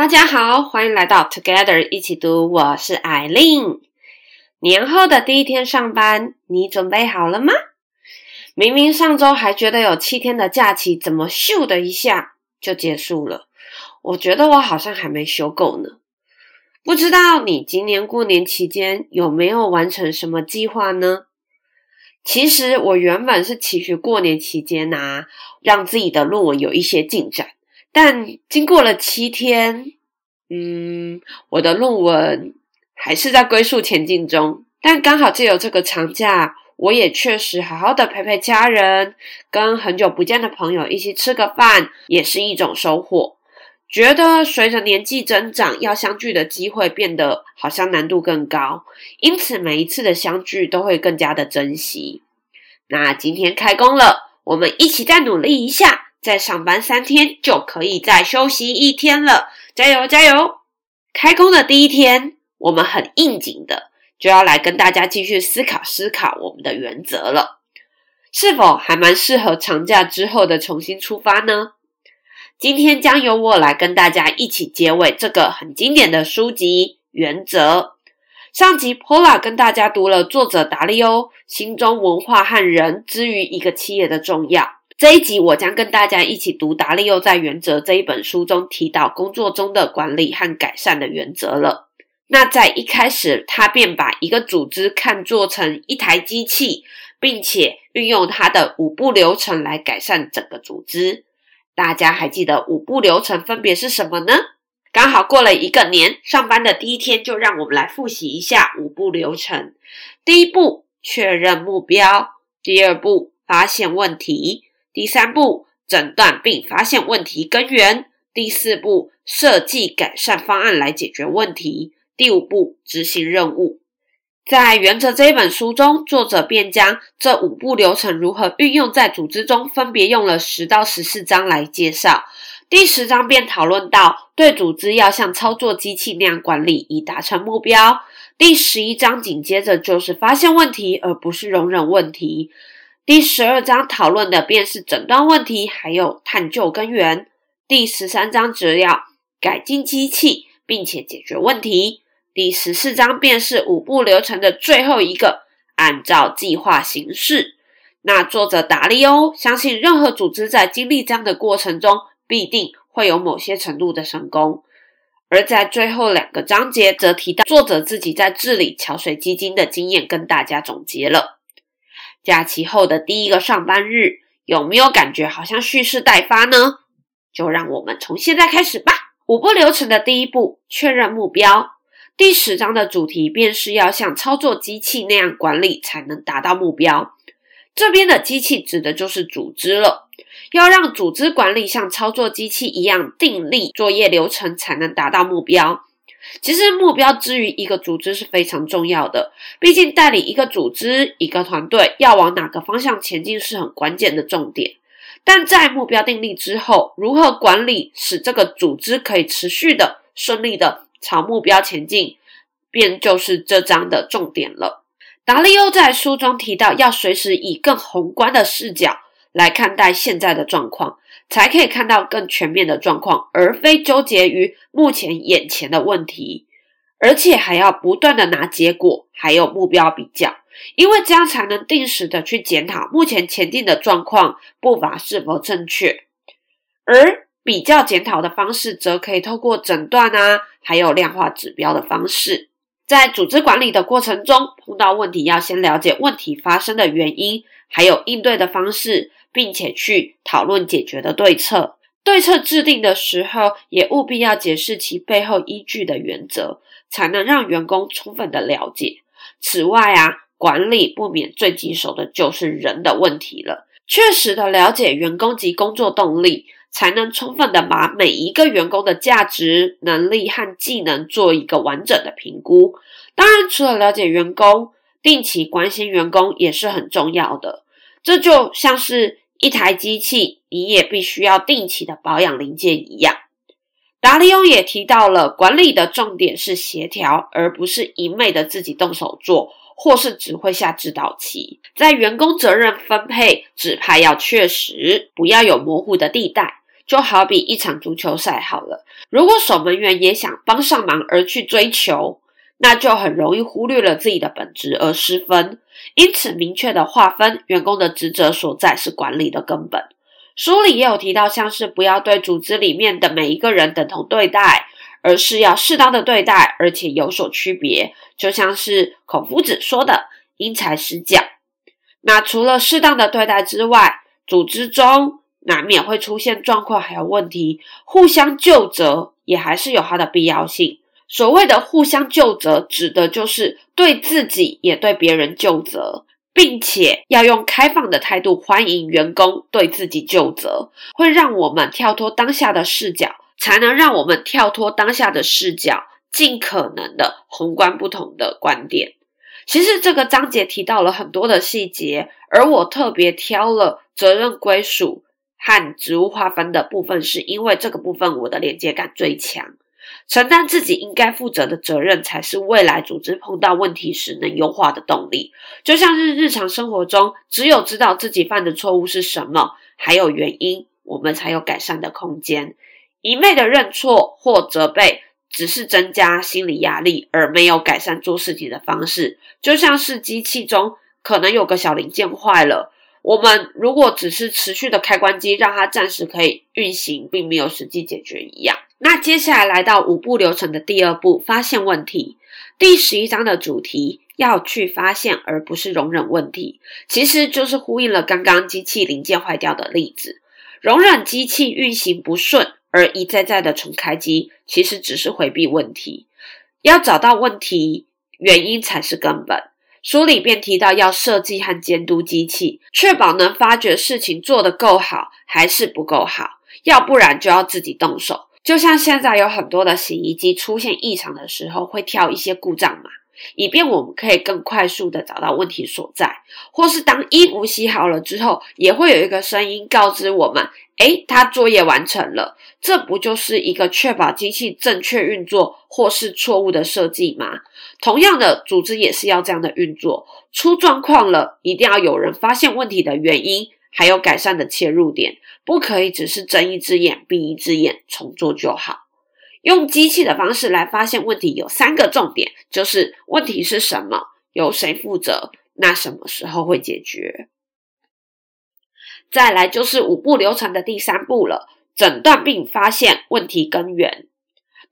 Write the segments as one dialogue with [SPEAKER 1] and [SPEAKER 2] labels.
[SPEAKER 1] 大家好，歡迎來到 Together 一起讀。我是 Aileen。年後的第一天上班，你準備好了嗎？明明上周還覺得有七天的假期，怎麼咻的一下就結束了？我覺得我好像還沒休夠呢。不知道你今年過年期間有沒有完成什麼計劃呢？其實我原本是期許過年期間啊，讓自己的論文有一些進展。但經過了七天，嗯，我的論文還是在龜速前進中。但剛好借由這個長假，我也確實好好的陪陪家人，跟很久不見的朋友一起吃個飯，也是一種收穫。覺得隨着年紀增長，要相聚的機會變得好像難度更高，因此每一次的相聚都會更加的珍惜。那今天開工了，我們一起再努力一下。再上班三天就可以再休息一天了，加油加油！開工的第一天，我們很應景的就要來跟大家繼續思考思考我們的原則了，是否還蠻適合長假之後的重新出發呢？今天將由我來跟大家一起結尾這個很經典的書籍《原則》。上集，Paula 跟大家讀了作者達利歐心中文化和人之於一個企業的重要。這一集我將跟大家一起讀達利歐在《原則》這一本書中提到工作中的管理和改善的原則了。那在一開始，他便把一個組織看作成一台機器，並且運用他的五步流程來改善整個組織。大家還記得五步流程分別是什麼呢？剛好過了一個年，上班的第一天就讓我們來複習一下五步流程。第一步，確認目標；第二步，發現問題。第三步，診斷並發現問題根源；第四步，設計改善方案來解決問題；第五步，執行任務。在《原則》這本書中，作者便將這五步流程如何運用在組織中，分別用了十到十四章來介紹。第十章便討論到，對組織要像操作機器那樣管理，以達成目標。第十一章緊接着就是發現問題，而不是容忍問題。第十二章討論的便是診斷問題，還有探究根源。第十三章則要改進機器，並且解決問題。第十四章便是五步流程的最後一個，按照計劃行事。那作者達利歐相信，任何組織在經歷這樣的過程中，必定會有某些程度的成功。而在最後兩個章節，則提到作者自己在治理橋水基金的經驗，跟大家總結了。假期後的第一個上班日，有沒有感覺好像蓄勢待發呢？就讓我們從現在開始吧。五步流程的第一步，確認目標。第十章的主題便是要像操作機器那樣管理，才能達到目標。這邊的機器指的就是組織了。要讓組織管理像操作機器一樣，訂立作業流程，才能達到目標。其實目標之於一個組織是非常重要的，畢竟帶領一個組織、一個團隊要往哪個方向前進是很關鍵的重點。但在目標定立之後，如何管理使這個組織可以持續的、順利的朝目標前進，便就是這章的重點了。達利歐在書中提到，要隨時以更宏觀的視角來看待現在的狀況。才可以看到更全面的狀況，而非糾結於目前眼前的問題，而且還要不斷的拿結果還有目標比較，因為這樣才能定時的去檢討目前前進的狀況步伐是否正確。而比較檢討的方式，則可以透過診斷啊，還有量化指標的方式，在組織管理的過程中碰到問題，要先了解問題發生的原因，還有應對的方式。並且去討論解決的對策，對策制定的時候也務必要解釋其背後依據的原則，才能讓員工充分的了解。此外啊，管理不免最棘手的就是人的問題了。確實的了解員工及工作動力，才能充分的把每一個員工的價值、能力和技能做一個完整的評估。當然，除了了解員工，定期關心員工也是很重要的。這就像是……一台機器，你也必須要定期的保養零件一樣。達利歐也提到了，管理的重點是協調，而不是一昧的自己動手做，或是只會下指導棋。在員工責任分配指派要確實，不要有模糊的地帶。就好比一場足球賽，好了，如果守門員也想幫上忙而去追球。那就很容易忽略了自己的本職而失分，因此明確的劃分員工的職責所在是管理的根本。書裡也有提到，像是不要對組織裡面的每一個人等同對待，而是要適當的對待，而且有所區別。就像是孔夫子說的“因材施教”。那除了適當的對待之外，組織中難免會出現狀況還有問題，互相究責也還是有它的必要性。所謂的互相究責，指的就是對自己也對別人究責，並且要用開放的態度歡迎員工對自己究責，會讓我們跳脫當下的視角，才能讓我們跳脫當下的視角，盡可能的宏觀不同的觀點。其實這個章節提到了很多的細節，而我特別挑了責任歸屬和職務劃分的部分，是因為這個部分我的連接感最強。承擔自己應該負責的責任，才是未來組織碰到問題時能優化的動力。就像是日常生活中，只有知道自己犯的錯誤是什麼，還有原因，我們才有改善的空間。一昧的認錯或責備，只是增加心理壓力，而沒有改善做事情的方式。就像是機器中可能有個小零件壞了，我們如果只是持續的開關機，讓它暫時可以運行，並沒有實際解決一樣。那接下來來到五步流程的第二步，發現問題。第十一章的主題要去發現，而不是容忍問題，其實就是呼應了剛剛機器零件壞掉的例子。容忍機器運行不順而一再再的重開機，其實只是迴避問題。要找到問題，原因才是根本。書裡面提到要設計和監督機器，確保能發覺事情做得夠好還是不夠好，要不然就要自己動手。就像現在有很多的洗衣機出現異常的時候，會跳一些故障碼，以便我們可以更快速的找到問題所在。或是當衣服洗好了之後，也會有一個聲音告知我們，誒，它作業完成了。這不就是一個確保機器正確運作或是錯誤的設計嗎？同樣的，組織也是要這樣的運作。出狀況了，一定要有人發現問題的原因。還有改善的切入點，不可以只是睜一隻眼閉一隻眼，重做就好。用機器的方式來發現問題，有三個重點，就是問題是什麼，由誰負責，那什麼時候會解決。再來就是五步流程的第三步了，診斷並發現問題根源。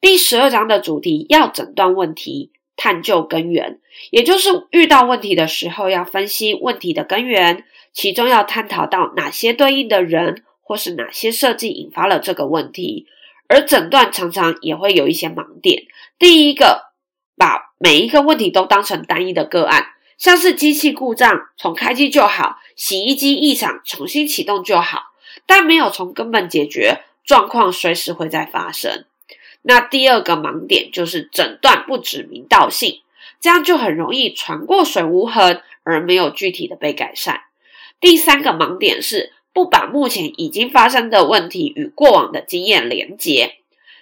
[SPEAKER 1] 第十二章的主題要診斷問題。探究根源，也就是遇到問題的時候，要分析問題的根源，其中要探討到哪些對應的人或是哪些設計引發了這個問題。而診斷常常也會有一些盲點。第一個，把每一個問題都當成單一的個案，像是機器故障重開機就好，洗衣機異常重新啟動就好，但沒有從根本解決，狀況隨時會再發生。那第二個盲點就是診斷不指名道姓，這樣就很容易船過水無痕，而沒有具體的被改善。第三個盲點是不把目前已經發生的問題與過往的經驗連結。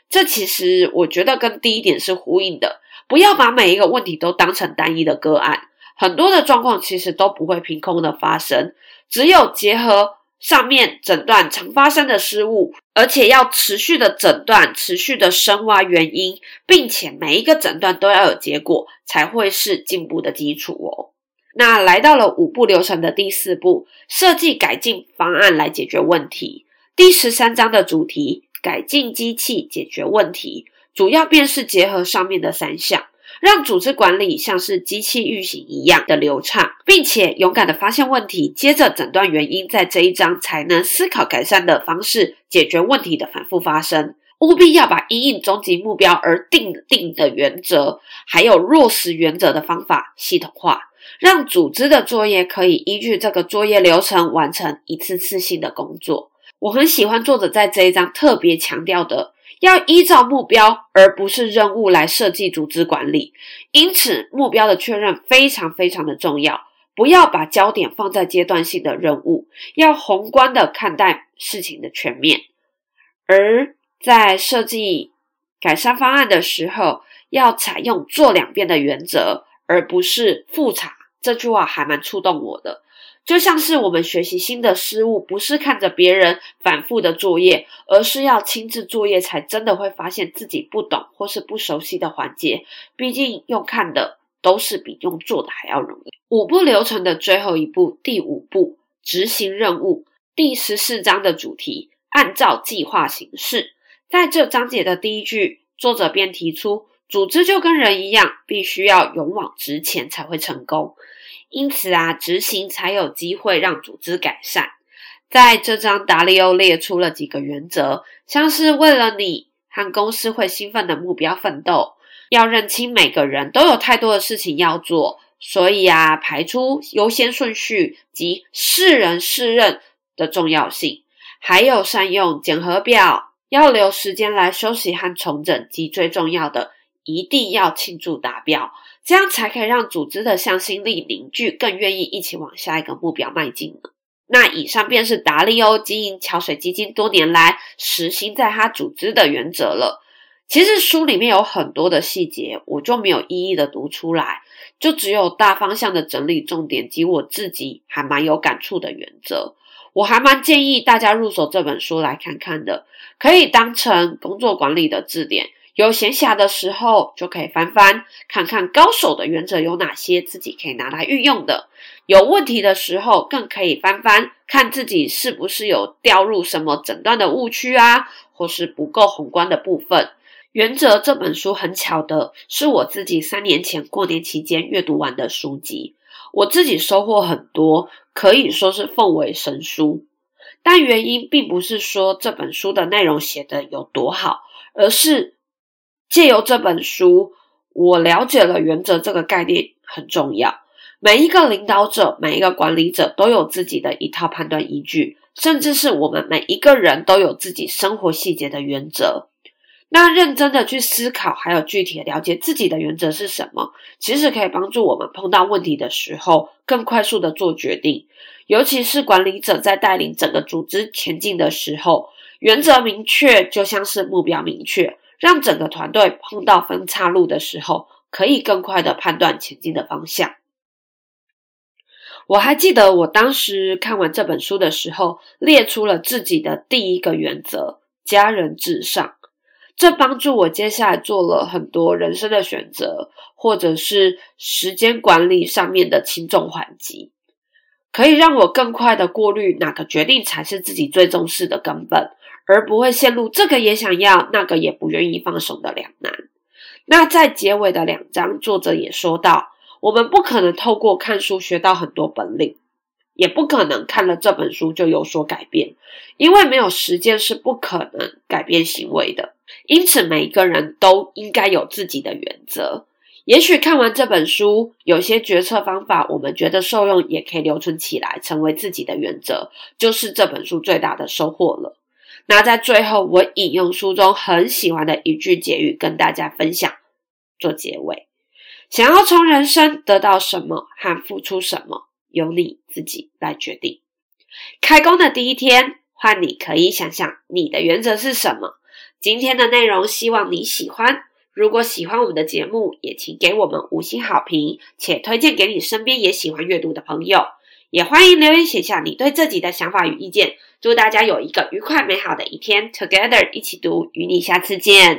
[SPEAKER 1] 這其實我覺得跟第一點是呼應的，不要把每一個問題都當成單一的個案，很多的狀況其實都不會憑空的發生，只有結合。上面診斷常發生的失誤，而且要持續的診斷，持續的深挖原因，並且每一個診斷都要有結果，才會是進步的基礎哦。那來到了五步流程的第四步，設計改進方案來解決問題。第十三章的主題，改進機器解決問題，主要便是結合上面的三項。讓組織管理像是機器運行一樣的流暢，並且勇敢的發現問題，接着診斷原因，在這一章才能思考改善的方式，解決問題的反復發生。務必要把因應終極目標而訂定的原則，還有落實原則的方法系統化，讓組織的作業可以依據這個作業流程完成一次次性的工作。我很喜歡作者在這一章特別強調的，要依照目標而不是任務來設計組織管理，因此目標的確認非常非常的重要。不要把焦點放在階段性的任務，要宏觀的看待事情的全面。而在設計改善方案的時候，要採用做兩遍的原則，而不是複查。這句話還蠻觸動我的。就像是我們學習新的事物，不是看着別人反覆的作業，而是要親自作業，才真的會發現自己不懂或是不熟悉的環節。畢竟用看的都是比用做的還要容易。五步流程的最後一步，第五步執行任務。第十四章的主題：按照計劃行事。在這章節的第一句，作者便提出。組織就跟人一樣，必須要勇往直前才會成功。因此啊，執行才有機會讓組織改善。在這章，達利歐列出了幾個原則，像是為了你和公司會興奮的目標奮鬥；要認清每個人都有太多的事情要做，所以啊，排出優先順序及適人適任的重要性；還有善用檢核表，要留時間來休息和重整。及最重要的。一定要慶祝達標，這樣才可以讓組織的向心力凝聚，更願意一起往下一個目標邁進呢。那以上便是達利歐經營橋水基金多年來實行在他組織的原則了。其實書裡面有很多的細節，我就沒有一一的讀出來，就只有大方向的整理重點及我自己還蠻有感觸的原則。我還蠻建議大家入手這本書來看看的，可以當成工作管理的字典。有閒暇的時候就可以翻翻看看高手的原則有哪些，自己可以拿來運用的。有問題的時候更可以翻翻看自己是不是有掉入什麼診斷的誤區啊，或是不夠宏觀的部分。《原則》這本書很巧的是我自己三年前過年期間閱讀完的書籍，我自己收穫很多，可以說是奉為神書。但原因並不是說這本書的內容寫得有多好，而是。借由這本書，我了解了原則這個概念很重要。每一個領導者、每一個管理者都有自己的一套判斷依據，甚至是我們每一個人都有自己生活細節的原則。那認真的去思考，還有具體的了解自己的原則是什麼，其實可以幫助我們碰到問題的時候更快速的做決定。尤其是管理者在帶領整個組織前進的時候，原則明確就像是目標明確。讓整個團隊碰到分岔路的時候，可以更快的判斷前進的方向。我還記得我當時看完這本書的時候，列出了自己的第一個原則：家人至上。這幫助我接下來做了很多人生的選擇，或者是時間管理上面的輕重緩急，可以讓我更快的過濾哪個決定才是自己最重視的根本。而不會陷入這個也想要、那個也不願意放手的兩難。那在結尾的兩章，作者也說到：我們不可能透過看書學到很多本領，也不可能看了這本書就有所改變，因為沒有實踐是不可能改變行為的。因此，每一個人都應該有自己的原則。也許看完這本書，有些決策方法我們覺得受用，也可以留存起來，成為自己的原則，就是這本書最大的收穫了。那在最後，我引用書中很喜歡的一句結語跟大家分享，做結尾。想要從人生得到什麼和付出什麼，由你自己來決定。開工的第一天，換你可以想象你的原則是什麼。今天的內容希望你喜歡。如果喜歡我們的節目，也請給我們五星好評，且推薦給你身邊也喜歡閱讀的朋友。也歡迎留言寫下你對自己的想法與意見，祝大家有一個愉快美好的一天，Together 一起讀，與你下次見。